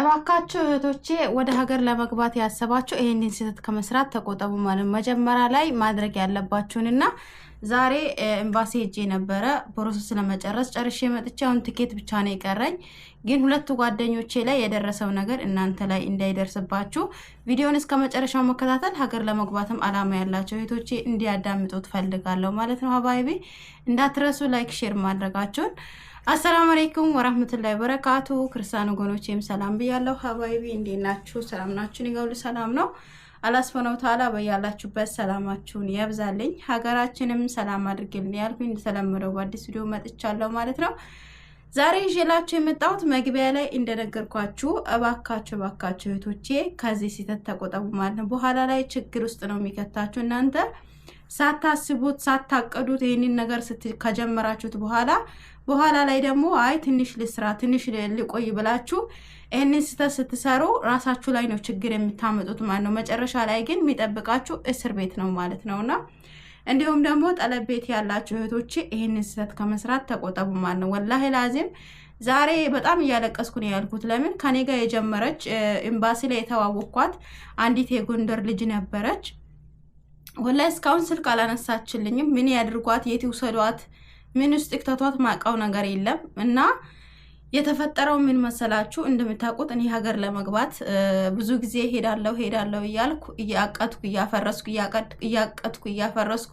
እባካችሁ እህቶቼ ወደ ሀገር ለመግባት ያሰባችሁ ይህንን ስህተት ከመስራት ተቆጠቡ። ማለት መጀመሪያ ላይ ማድረግ ያለባችሁንና ዛሬ ኤምባሲ ሄጄ ነበረ ፕሮሰስ ለመጨረስ ጨርሼ መጥቼ አሁን ትኬት ብቻ ነው የቀረኝ። ግን ሁለቱ ጓደኞቼ ላይ የደረሰው ነገር እናንተ ላይ እንዳይደርስባችሁ ቪዲዮን እስከ መጨረሻው መከታተል፣ ሀገር ለመግባትም አላማ ያላቸው እህቶቼ እንዲያዳምጡ ትፈልጋለሁ ማለት ነው። አባይቤ እንዳትረሱ ላይክ ሼር ማድረጋችሁን አሰላሙ አለይኩም ወራህመቱላሂ ወበረካቱ። ክርስቲያን ወገኖቼም ሰላም ብያለሁ። ሀባይቢ እንዴት ናችሁ? ሰላም ናችሁን? ይገውል ሰላም ነው። አላህ ሱብሐነሁ ወተዓላ በያላችሁበት ሰላማችሁን ያብዛልኝ፣ ሀገራችንም ሰላም አድርግልን ያልኩኝ እንደተለመደው በአዲስ ቪዲዮ መጥቻለሁ ማለት ነው። ዛሬ ይዤላችሁ የመጣሁት መግቢያ ላይ እንደነገርኳችሁ እባካችሁ እባካችሁ እህቶቼ ከዚህ ስህተት ተቆጠቡ ማለት ነው። በኋላ ላይ ችግር ውስጥ ነው የሚከታችሁ እናንተ ሳታስቡት ሳታቀዱት ይህንን ነገር ከጀመራችሁት በኋላ በኋላ ላይ ደግሞ አይ ትንሽ ልስራ ትንሽ ልቆይ ብላችሁ ይህንን ስህተት ስትሰሩ ራሳችሁ ላይ ነው ችግር የምታመጡት ማለት ነው። መጨረሻ ላይ ግን የሚጠብቃችሁ እስር ቤት ነው ማለት ነውና እንዲሁም ደግሞ ጠለብ ቤት ያላችሁ እህቶች ይህንን ስህተት ከመስራት ተቆጠቡ ማለት ነው። ወላሂ ላዚም ዛሬ በጣም እያለቀስኩ ነው ያልኩት። ለምን ከኔ ጋር የጀመረች ኤምባሲ ላይ የተዋወቅኳት አንዲት የጎንደር ልጅ ነበረች። ወላይ እስካሁን ስልክ አላነሳችልኝም። ምን ያድርጓት፣ የት ይውሰዷት ምን ውስጥ ክተቷት ማውቀው ነገር የለም እና የተፈጠረው ምን መሰላችሁ? እንደምታውቁት እኔ ሀገር ለመግባት ብዙ ጊዜ ሄዳለሁ ሄዳለሁ እያልኩ እያቀጥኩ እያፈረስኩ እያቀጥኩ እያፈረስኩ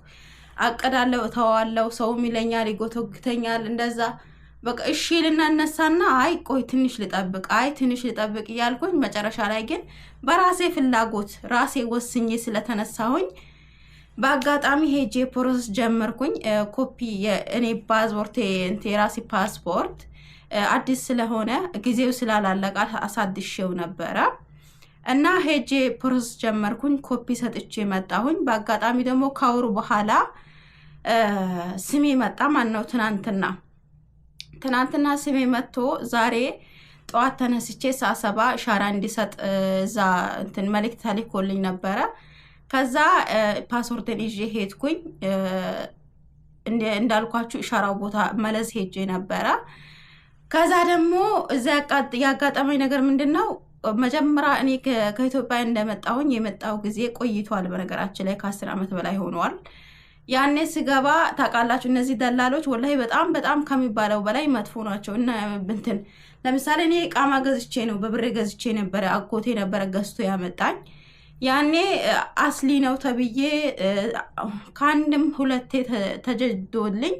አቀዳለሁ፣ እተዋለሁ። ሰውም ይለኛል፣ ይጎተግተኛል። እንደዛ በቃ እሺ ልና እነሳና አይ ቆይ ትንሽ ልጠብቅ፣ አይ ትንሽ ልጠብቅ እያልኩኝ መጨረሻ ላይ ግን በራሴ ፍላጎት ራሴ ወስኜ ስለተነሳሁኝ በአጋጣሚ ሄጄ ፕሮሰስ ጀመርኩኝ። ኮፒ የእኔ ፓስፖርት የራሴ ፓስፖርት አዲስ ስለሆነ ጊዜው ስላላለቀ አሳድሼው ነበረ እና ሄጄ ፕሮሰስ ጀመርኩኝ። ኮፒ ሰጥቼ መጣሁኝ። በአጋጣሚ ደግሞ ከወሩ በኋላ ስሜ መጣ። ማን ነው ትናንትና ትናንትና ስሜ መጥቶ ዛሬ ጠዋት ተነስቼ ሰዓት ሰባ ሻራ እንዲሰጥ እዛ እንትን መልእክት ተልኮልኝ ነበረ ከዛ ፓስወርድን ይዤ ሄድኩኝ። እንዳልኳችሁ ኢሻራው ቦታ መለስ ሄጄ ነበረ። ከዛ ደግሞ እዚ ያጋጠመኝ ነገር ምንድን ነው? መጀመሪያ እኔ ከኢትዮጵያ እንደመጣሁኝ የመጣው ጊዜ ቆይቷል። በነገራችን ላይ ከአስር ዓመት በላይ ሆኗል። ያኔ ስገባ ታውቃላችሁ፣ እነዚህ ደላሎች ወላሂ በጣም በጣም ከሚባለው በላይ መጥፎ ናቸው። ብንትን ለምሳሌ እኔ ቃማ ገዝቼ ነው በብሬ ገዝቼ ነበረ፣ አጎቴ ነበረ ገዝቶ ያመጣኝ ያኔ አስሊ ነው ተብዬ ከአንድም ሁለቴ ተጀድዶልኝ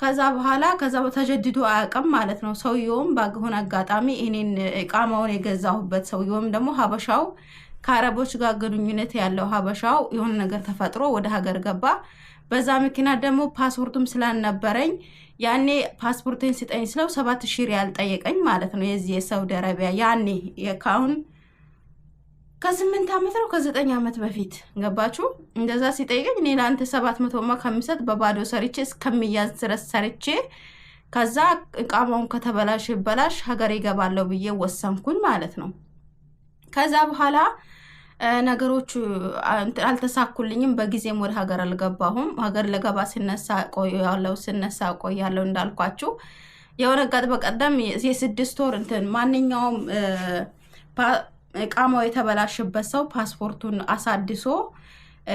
ከዛ በኋላ ከዛ ተጀድዶ አያውቅም ማለት ነው። ሰውየውም ባገሆን አጋጣሚ እኔን እቃማውን የገዛሁበት ሰውየውም ደግሞ ሀበሻው ከአረቦች ጋር ግንኙነት ያለው ሀበሻው የሆነ ነገር ተፈጥሮ ወደ ሀገር ገባ። በዛ ምክንያት ደግሞ ፓስፖርቱም ስላልነበረኝ ያኔ ፓስፖርቴን ስጠኝ ስለው ሰባት ሺህ ሪያል ጠየቀኝ ማለት ነው። የዚህ የሳውዲ አረቢያ ያኔ ከአሁን ከስምንት ዓመት ነው ከዘጠኝ ዓመት በፊት ገባችሁ። እንደዛ ሲጠይቀኝ እኔ ለአንተ ሰባት መቶማ ከሚሰጥ በባዶ ሰርቼ እስከሚያዝ ድረስ ሰርቼ ከዛ እቃማውን ከተበላሽ ይበላሽ ሀገር ይገባለሁ ብዬ ወሰንኩኝ ማለት ነው። ከዛ በኋላ ነገሮቹ አልተሳኩልኝም። በጊዜም ወደ ሀገር አልገባሁም። ሀገር ልገባ ስነሳ ቆያለው ስነሳ ቆያለው እንዳልኳችሁ የሆነ ቀጥ በቀደም የስድስት ወር እንትን ማንኛውም እቃማው የተበላሸበት ሰው ፓስፖርቱን አሳድሶ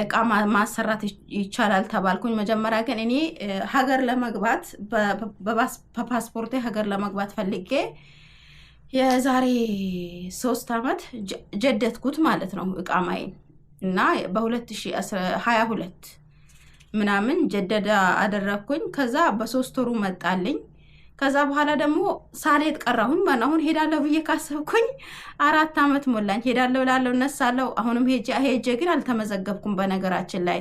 እቃ ማሰራት ይቻላል ተባልኩኝ። መጀመሪያ ግን እኔ ሀገር ለመግባት በፓስፖርቴ ሀገር ለመግባት ፈልጌ የዛሬ ሶስት ዓመት ጀደትኩት ማለት ነው እቃማዬን እና በ2022 ምናምን ጀደዳ አደረግኩኝ። ከዛ በሶስት ወሩ መጣልኝ። ከዛ በኋላ ደግሞ ሳልሄድ ቀራሁኝ። ማን አሁን ሄዳለሁ ብዬ ካሰብኩኝ አራት ዓመት ሞላኝ። ሄዳለሁ ላለው እነሳለሁ። አሁንም ሄጄ ሄጄ ግን አልተመዘገብኩም። በነገራችን ላይ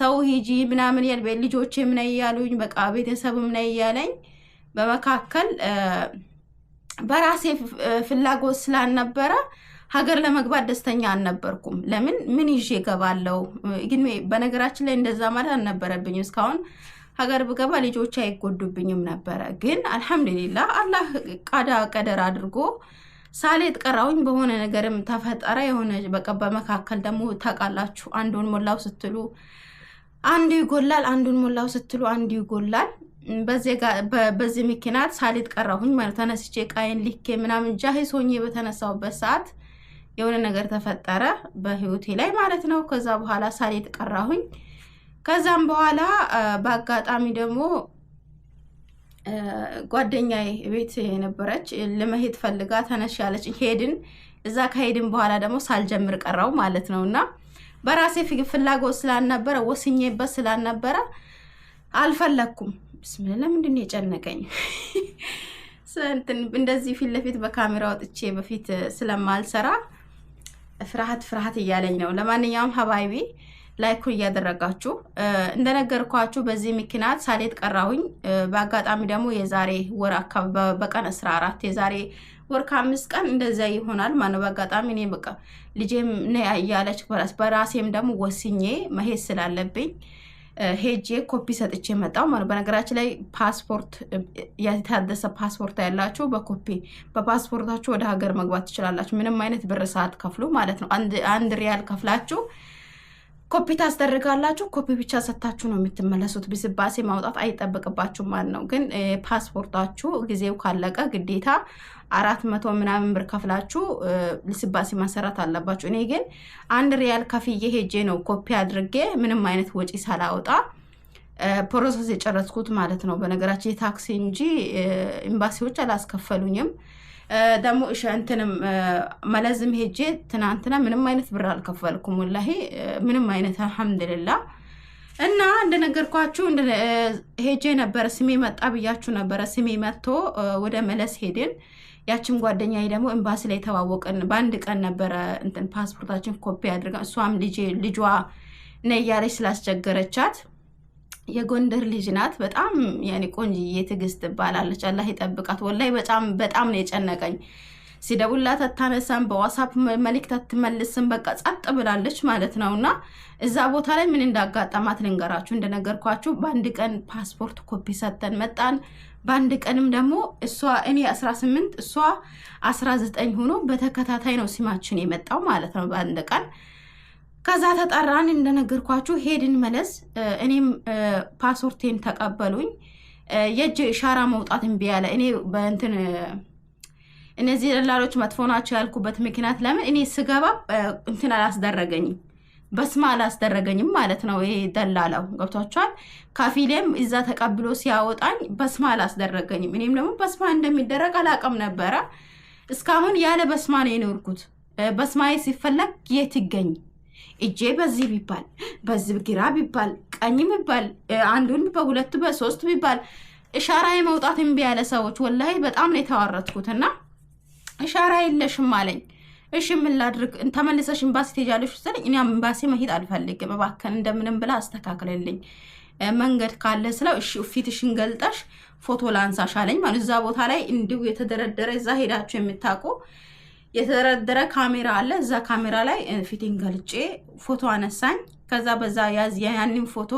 ሰው ሂጂ ምናምን ያል ልጆቼም ምን እያሉኝ በቃ ቤተሰብ ምን እያለኝ በመካከል በራሴ ፍላጎት ስላልነበረ ሀገር ለመግባት ደስተኛ አልነበርኩም። ለምን ምን ይዤ እገባለሁ? ግን በነገራችን ላይ እንደዛ ማለት አልነበረብኝም እስካሁን ሀገር ብገባ ልጆች አይጎዱብኝም ነበረ። ግን አልሐምዱሊላህ አላህ ቃዳ ቀደር አድርጎ ሳሌት ቀራውኝ በሆነ ነገርም ተፈጠረ። የሆነ በቃ በመካከል ደግሞ ታውቃላችሁ፣ አንዱን ሞላው ስትሉ አንዱ ይጎላል፣ አንዱን ሞላው ስትሉ አንዱ ይጎላል። በዚህ ምክንያት ሳሌት ቀራሁኝ ማለት ተነስቼ ቃይን ልኬ ምናምን ጃሂስ ሆኜ በተነሳሁበት ሰዓት የሆነ ነገር ተፈጠረ በህይወቴ ላይ ማለት ነው። ከዛ በኋላ ሳሌት ቀራሁኝ። ከዛም በኋላ በአጋጣሚ ደግሞ ጓደኛዬ ቤት የነበረች ለመሄድ ፈልጋ ተነሽ ያለች ሄድን። እዛ ከሄድን በኋላ ደግሞ ሳልጀምር ቀረው ማለት ነው እና በራሴ ፍላጎት ስላልነበረ ወስኜበት ስላልነበረ አልፈለግኩም። ብስምላ ለምንድን ነው የጨነቀኝ? እንደዚህ ፊት ለፊት በካሜራ ወጥቼ በፊት ስለማልሰራ ፍርሃት ፍርሃት እያለኝ ነው። ለማንኛውም ሀባይቤ ላይኩ እያደረጋችሁ እንደነገርኳችሁ በዚህ ምክንያት ሳሌት ቀራሁኝ። በአጋጣሚ ደግሞ የዛሬ ወር በቀን አስራ አራት የዛሬ ወር ከአምስት ቀን እንደዚያ ይሆናል ማነው በአጋጣሚ እኔ በቃ ልጄም እያለች በራሴም ደግሞ ወስኜ መሄድ ስላለብኝ ሄጄ ኮፒ ሰጥቼ መጣው ማለት በነገራችን ላይ ፓስፖርት የታደሰ ፓስፖርት ያላችሁ በኮፒ በፓስፖርታችሁ ወደ ሀገር መግባት ትችላላችሁ። ምንም አይነት ብር ከፍሉ ማለት ነው። አንድ ሪያል ከፍላችሁ ኮፒ ታስደርጋላችሁ። ኮፒ ብቻ ሰታችሁ ነው የምትመለሱት። ብስባሴ ማውጣት አይጠበቅባችሁም ማለት ነው። ግን ፓስፖርታችሁ ጊዜው ካለቀ ግዴታ አራት መቶ ምናምን ብር ከፍላችሁ ልስባሴ ማሰራት አለባችሁ። እኔ ግን አንድ ሪያል ከፍዬ ሄጄ ነው ኮፒ አድርጌ ምንም አይነት ወጪ ሳላወጣ ፕሮሰስ የጨረስኩት ማለት ነው። በነገራችን የታክሲ እንጂ ኤምባሲዎች አላስከፈሉኝም። ደግሞ እንትንም መለዝም ሄጄ ትናንትና ምንም አይነት ብር አልከፈልኩም። ወላሂ ምንም አይነት አልሐምድልላ። እና እንደነገርኳችሁ ሄጄ ነበረ ስሜ መጣ ብያችሁ ነበረ። ስሜ መጥቶ ወደ መለስ ሄድን። ያችን ጓደኛ ደግሞ ኤምባሲ ላይ የተዋወቅን በአንድ ቀን ነበረ። እንትን ፓስፖርታችን ኮፒ አድርገን እሷም ልጅ ልጇ ነ እያለች ስላስቸገረቻት የጎንደር ልጅ ናት። በጣም ያኔ ቆንጅዬ ትዕግስት ትባላለች። አላህ ይጠብቃት። ወላይ በጣም በጣም ነው የጨነቀኝ። ሲደውላት አታነሳም፣ በዋሳፕ መልእክት አትመልስም። በቃ ጸጥ ብላለች ማለት ነው። እና እዛ ቦታ ላይ ምን እንዳጋጠማት ልንገራችሁ። እንደነገርኳችሁ በአንድ ቀን ፓስፖርት ኮፒ ሰተን መጣን። በአንድ ቀንም ደግሞ እሷ እኔ 18 እሷ 19 ሆኖ በተከታታይ ነው ሲማችን የመጣው ማለት ነው በአንድ ቀን ከዛ ተጠራን፣ እንደነገርኳችሁ ሄድን መለስ። እኔም ፓስፖርቴን ተቀበሉኝ። የእጅ ኢሻራ መውጣት እምቢ አለ። እኔ በእንትን እነዚህ ደላሎች መጥፎ ናቸው ያልኩበት ምክንያት ለምን እኔ ስገባ እንትን አላስደረገኝም በስማ አላስደረገኝም ማለት ነው። ይሄ ደላላው ገብቷቸዋል። ከፊሌም እዛ ተቀብሎ ሲያወጣኝ በስማ አላስደረገኝም። እኔም ደግሞ በስማ እንደሚደረግ አላቅም ነበረ። እስካሁን ያለ በስማ ነው የኖርኩት። በስማዬ ሲፈለግ የት ይገኝ እጄ በዚህ ቢባል በዚህ ግራ ቢባል ቀኝ ቢባል አንዱን በሁለቱ በሶስት ቢባል እሻራዬ መውጣት እምቢ ያለ ሰዎች ወላሂ በጣም ነው እና እሻራ የለሽም አለኝ። እሺ ምን ላድርግ? ተመልሰሽ ኤምባሲ ትሄጃለሽ ስለኝ እኔ ኤምባሲ መሄድ አልፈልግም እባክህን እንደምንም ብላ አስተካክልልኝ መንገድ ካለ ስለው እሺ ፊትሽን ገልጠሽ ፎቶ ላንሳሽ አለኝ። ማለት እዛ ቦታ ላይ እንዲሁ የተደረደረ እዛ ሄዳችሁ የምታውቁ የተደረደረ ካሜራ አለ። እዛ ካሜራ ላይ ፊቴን ገልጬ ፎቶ አነሳኝ። ከዛ በዛ ያዝ ያንን ፎቶ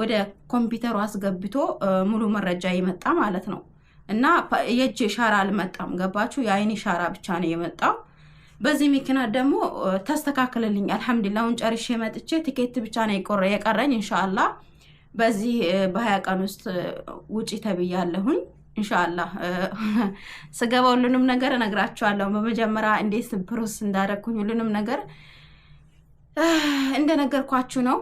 ወደ ኮምፒውተሩ አስገብቶ ሙሉ መረጃ የመጣ ማለት ነው። እና የእጅ ሻራ አልመጣም። ገባችሁ? የአይን ሻራ ብቻ ነው የመጣው። በዚህ ምክንያት ደግሞ ተስተካክልልኝ። አልሐምዱሊላህ አሁን ጨርሼ መጥቼ ቲኬት ብቻ ነው የቀረኝ። እንሻላ በዚህ በሀያ ቀን ውስጥ ውጪ ተብያለሁኝ። እንሻላ ስገባ ሁሉንም ነገር እነግራችኋለሁ። በመጀመሪያ እንዴት ፕሮስ እንዳደረግኩኝ ሁሉንም ነገር እንደነገርኳችሁ ነው።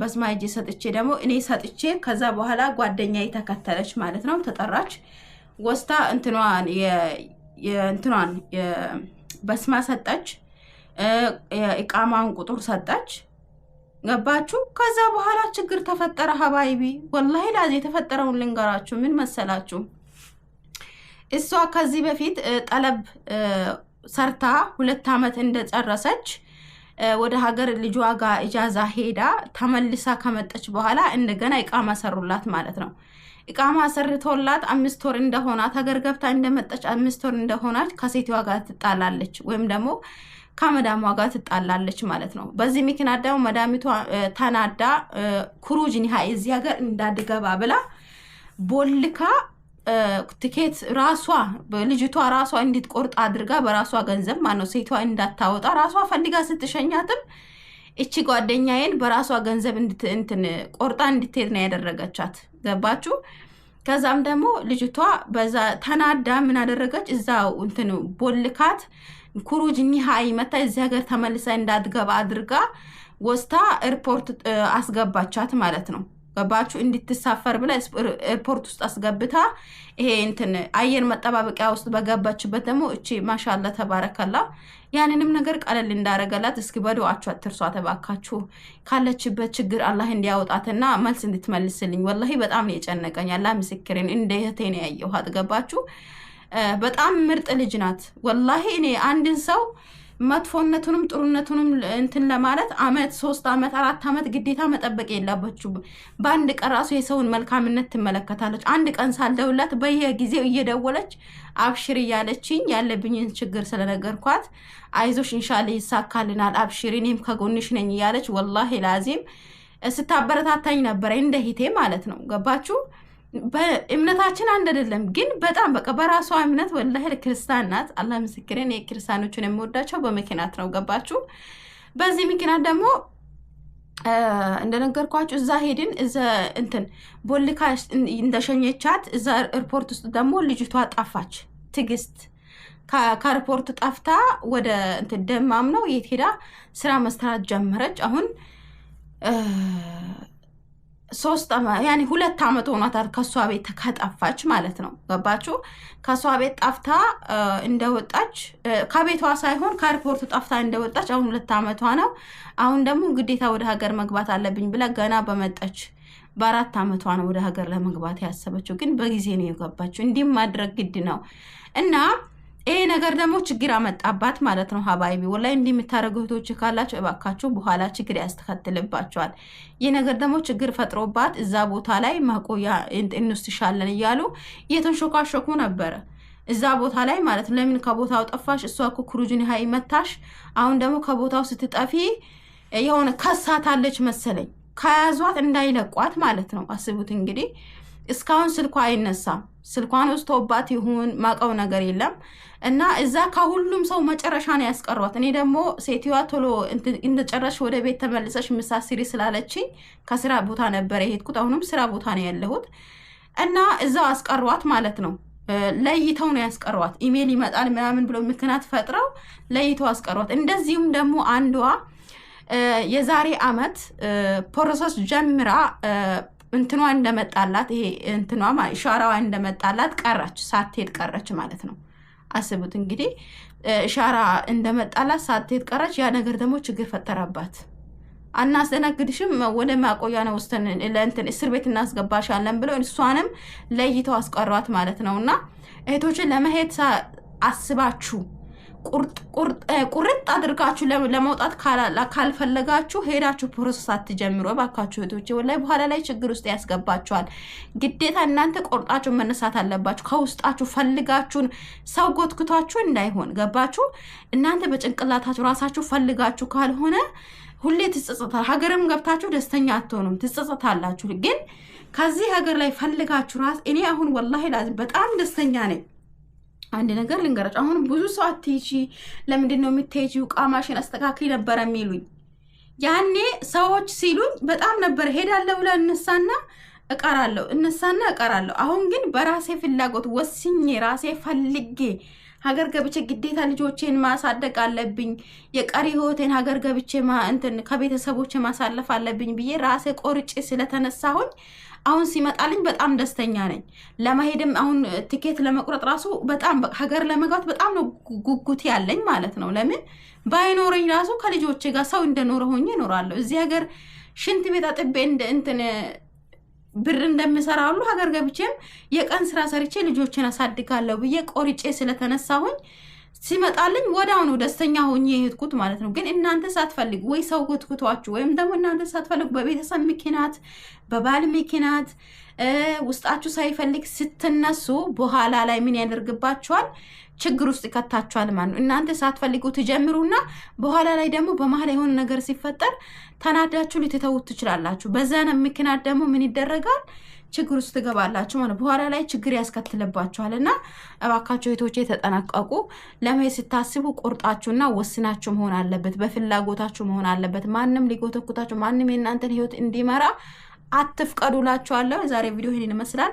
በስማጅ ሰጥቼ ደግሞ እኔ ሰጥቼ ከዛ በኋላ ጓደኛ ተከተለች ማለት ነው። ተጠራች ወስታ እንትኗን በስማ ሰጠች፣ የእቃማን ቁጥር ሰጠች። ገባችሁ? ከዛ በኋላ ችግር ተፈጠረ። ሀባይቢ ወላሂ ላዚ የተፈጠረውን ልንገራችሁ። ምን መሰላችሁ? እሷ ከዚህ በፊት ጠለብ ሰርታ ሁለት ዓመት እንደጨረሰች ወደ ሀገር ልጇ ጋር እጃዛ ሄዳ ተመልሳ ከመጠች በኋላ እንደገና እቃማ ሰሩላት ማለት ነው። እቃማ ሰርቶላት አምስት ወር እንደሆናት ሀገር ገብታ እንደመጠች አምስት ወር እንደሆናች ከሴትዋ ጋር ትጣላለች ወይም ደግሞ ከመዳሟ ጋር ትጣላለች ማለት ነው። በዚህ ምክንያት ደግሞ መዳሚቷ ተናዳ ኩሩጅን ሀ እዚህ ሀገር እንዳድገባ ብላ ቦልካ ትኬት ራሷ ልጅቷ ራሷ እንድትቆርጥ አድርጋ በራሷ ገንዘብ ማነው ሴቷ እንዳታወጣ ራሷ ፈልጋ ስትሸኛትም እቺ ጓደኛዬን በራሷ ገንዘብ እንትን ቆርጣ እንድትሄድ ነው ያደረገቻት። ገባችሁ? ከዛም ደግሞ ልጅቷ በዛ ተናዳ ምን አደረገች? እዛው እንትን ቦልካት ኩሩጅ እኒህ አይ መታ እዚህ ሀገር ተመልሳ እንዳትገባ አድርጋ ወስታ ኤርፖርት አስገባቻት ማለት ነው። ገባችሁ እንድትሳፈር ብላ ኤርፖርት ውስጥ አስገብታ ይሄ እንትን አየር መጠባበቂያ ውስጥ በገባችበት ደግሞ እቺ ማሻላ ተባረከላ ያንንም ነገር ቀለል እንዳረገላት እስኪ በዱዓችሁ አትርሷ ተባካችሁ። ካለችበት ችግር አላህ እንዲያወጣትና መልስ እንድትመልስልኝ ወላሂ በጣም ነው የጨነቀኝ። አላህ ምስክሬን እንደ እህቴን ያየኋት ገባችሁ በጣም ምርጥ ልጅ ናት። ወላሂ እኔ አንድን ሰው መጥፎነቱንም ጥሩነቱንም እንትን ለማለት አመት ሶስት አመት አራት አመት ግዴታ መጠበቅ የለባችሁ። በአንድ ቀን ራሱ የሰውን መልካምነት ትመለከታለች። አንድ ቀን ሳልደውላት በየጊዜው እየደወለች አብሽር እያለችኝ ያለብኝን ችግር ስለነገርኳት አይዞሽ እንሻላ ይሳካልናል፣ አብሽር፣ እኔም ከጎንሽ ነኝ እያለች ወላሂ ላዚም ስታበረታታኝ ነበረ፣ እንደ ሂቴ ማለት ነው። ገባችሁ? እምነታችን አንድ አይደለም፣ ግን በጣም በቃ በራሷ እምነት ወላሂ ክርስቲያን ናት። አላህ ምስክሬን የክርስቲያኖችን የሚወዳቸው በመኪናት ነው። ገባችሁ? በዚህ ምክንያት ደግሞ እንደነገርኳችሁ እዛ ሄድን። እዛ እንትን ቦልካ እንደሸኘቻት እዛ ሪፖርት ውስጥ ደግሞ ልጅቷ ጠፋች። ትግስት ከሪፖርት ጠፍታ ወደ እንትን ደማም ነው የት ሄዳ ስራ መስራት ጀመረች። አሁን ሶስት ያኔ ሁለት ዓመት ሆኗታል ከእሷ ቤት ከጠፋች ማለት ነው። ገባችሁ? ከእሷ ቤት ጠፍታ እንደወጣች ከቤቷ ሳይሆን ከኤርፖርቱ ጠፍታ እንደወጣች አሁን ሁለት ዓመቷ ነው። አሁን ደግሞ ግዴታ ወደ ሀገር መግባት አለብኝ ብላ ገና በመጠች በአራት ዓመቷ ነው ወደ ሀገር ለመግባት ያሰበችው። ግን በጊዜ ነው የገባችው። እንዲህም ማድረግ ግድ ነው እና ይሄ ነገር ደግሞ ችግር አመጣባት ማለት ነው። ሀባይቢ ወላይ እንዲህ የምታደርጉ እህቶች ካላቸው እባካቸው በኋላ ችግር ያስተከትልባቸዋል። ይህ ነገር ደግሞ ችግር ፈጥሮባት እዛ ቦታ ላይ መቆያ እንወስድሻለን እያሉ እየተንሾካሾኩ ነበረ እዛ ቦታ ላይ ማለት ነው። ለምን ከቦታው ጠፋሽ? እሷ እኮ ክሩጅን ሀይ መታሽ። አሁን ደግሞ ከቦታው ስትጠፊ የሆነ ከሳታለች መሰለኝ ከያዟት እንዳይለቋት ማለት ነው። አስቡት እንግዲህ እስካሁን ስልኳ አይነሳም። ስልኳን ወስቶባት ይሁን ማቀው ነገር የለም እና እዛ ከሁሉም ሰው መጨረሻ ነው ያስቀሯት። እኔ ደግሞ ሴትዋ ቶሎ እንደጨረሽ ወደ ቤት ተመልሰሽ ምሳስሪ ስላለችኝ ከስራ ቦታ ነበር የሄድኩት። አሁንም ስራ ቦታ ነው ያለሁት እና እዛው አስቀሯት ማለት ነው። ለይተው ነው ያስቀሯት። ኢሜል ይመጣል ምናምን ብሎ ምክንያት ፈጥረው ለይተው አስቀሯት። እንደዚሁም ደግሞ አንዷ የዛሬ አመት ፕሮሰስ ጀምራ እንትኗ እንደመጣላት ይሄ እንትኗ ሻራዋ እንደመጣላት ቀረች፣ ሳትሄድ ቀረች ማለት ነው። አስቡት እንግዲህ ሻራ እንደመጣላት ሳትሄድ ቀረች። ያ ነገር ደግሞ ችግር ፈጠረባት። አናስደነግድሽም ወደ ማቆያ ነው ውስጥን ለእንትን እስር ቤት እናስገባሻለን ብለው እሷንም ለይተው አስቀሯት ማለት ነው። እና እህቶችን ለመሄድ አስባችሁ ቁርጥ አድርጋችሁ ለመውጣት ካልፈለጋችሁ ሄዳችሁ ፕሮሰስ አትጀምሩ እባካችሁ እህቶቼ። ወላሂ በኋላ ላይ ችግር ውስጥ ያስገባችኋል። ግዴታ እናንተ ቆርጣችሁ መነሳት አለባችሁ። ከውስጣችሁ ፈልጋችሁን ሰው ጎትክቷችሁ እንዳይሆን ገባችሁ። እናንተ በጭንቅላታችሁ ራሳችሁ ፈልጋችሁ ካልሆነ ሁሌ ትጸጸታል። ሀገርም ገብታችሁ ደስተኛ አትሆኑም፣ ትጸጸታላችሁ። ግን ከዚህ ሀገር ላይ ፈልጋችሁ ራስ እኔ አሁን ወላሂ ላዚም በጣም ደስተኛ ነኝ። አንድ ነገር ልንገራችሁ። አሁን ብዙ ሰው አትይቺ፣ ለምንድን ነው የምትይቺው? ቃማሽን አስተካክል ነበረ የሚሉኝ ያኔ ሰዎች ሲሉኝ በጣም ነበር ሄዳለሁ ብለ እነሳና እቀራለሁ፣ እነሳና እቀራለሁ። አሁን ግን በራሴ ፍላጎት ወስኜ ራሴ ፈልጌ ሀገር ገብቼ ግዴታ ልጆቼን ማሳደግ አለብኝ፣ የቀሪ ህይወቴን ሀገር ገብቼ እንትን ከቤተሰቦቼ ማሳለፍ አለብኝ ብዬ ራሴ ቆርጬ ስለተነሳሁኝ አሁን ሲመጣልኝ በጣም ደስተኛ ነኝ። ለመሄድም አሁን ትኬት ለመቁረጥ ራሱ በጣም ሀገር ለመግባት በጣም ነው ጉጉት ያለኝ ማለት ነው። ለምን ባይኖረኝ ራሱ ከልጆቼ ጋር ሰው እንደኖረ ሆኜ እኖራለሁ። እዚህ ሀገር ሽንት ቤት አጥቤ እንትን ብር እንደምሰራ ሁሉ ሀገር ገብቼም የቀን ስራ ሰርቼ ልጆችን አሳድጋለሁ ብዬ ቆርጬ ስለተነሳሁኝ ሲመጣልኝ ወዲያውኑ ደስተኛ ሆኜ የሄድኩት ማለት ነው። ግን እናንተ ሳትፈልጉ ወይ ሰው ጎትጉቷችሁ ወይም ደግሞ እናንተ ሳትፈልጉ በቤተሰብ ምክንያት፣ በባል ምክንያት ውስጣችሁ ሳይፈልግ ስትነሱ በኋላ ላይ ምን ያደርግባችኋል? ችግር ውስጥ ይከታችኋል ማለት ነው። እናንተ ሳትፈልጉ ትጀምሩና በኋላ ላይ ደግሞ በመሀል የሆነ ነገር ሲፈጠር ተናዳችሁ ልትተዉት ትችላላችሁ። በዛ ምክንያት ደግሞ ምን ይደረጋል? ችግር ውስጥ ትገባላችሁ ማለት በኋላ ላይ ችግር ያስከትልባችኋል። እና እባካቸው እህቶቼ ተጠናቀቁ። ለመሄድ ስታስቡ ቆርጣችሁና ወስናችሁ መሆን አለበት። በፍላጎታችሁ መሆን አለበት። ማንም ሊጎተኩታችሁ፣ ማንም የእናንተን ህይወት እንዲመራ አትፍቀዱ ላችኋለሁ። የዛሬ ቪዲዮ ይህን ይመስላል።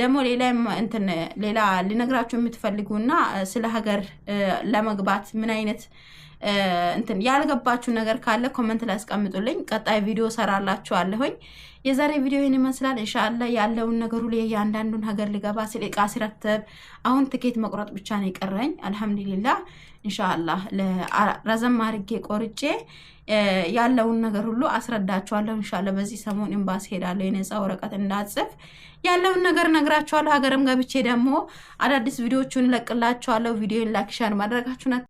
ደግሞ ሌላ እንትን ሌላ ሊነግራችሁ የምትፈልጉና ስለ ሀገር ለመግባት ምን አይነት እንትን ያልገባችሁ ነገር ካለ ኮመንት ላይ አስቀምጡልኝ። ቀጣይ ቪዲዮ ሰራላችኋለሁኝ። የዛሬ ቪዲዮ ይህን ይመስላል። እንሻላ ያለውን ነገሩ ላይ እያንዳንዱን ሀገር ሊገባ ስል ቃ ሲረተብ አሁን ትኬት መቁረጥ ብቻ ነው የቀረኝ። አልሐምዱሊላ እንሻላ ረዘም አርጌ ቆርጬ ያለውን ነገር ሁሉ አስረዳችኋለሁ። እንሻላ በዚህ ሰሞን ኤምባሲ ሄዳለሁ የነጻ ወረቀት እንዳጽፍ ያለውን ነገር ነግራችኋለሁ። ሀገርም ገብቼ ደግሞ አዳዲስ ቪዲዮዎቹን እለቅላችኋለሁ። ቪዲዮን ላክሻን ማድረጋችሁ ነ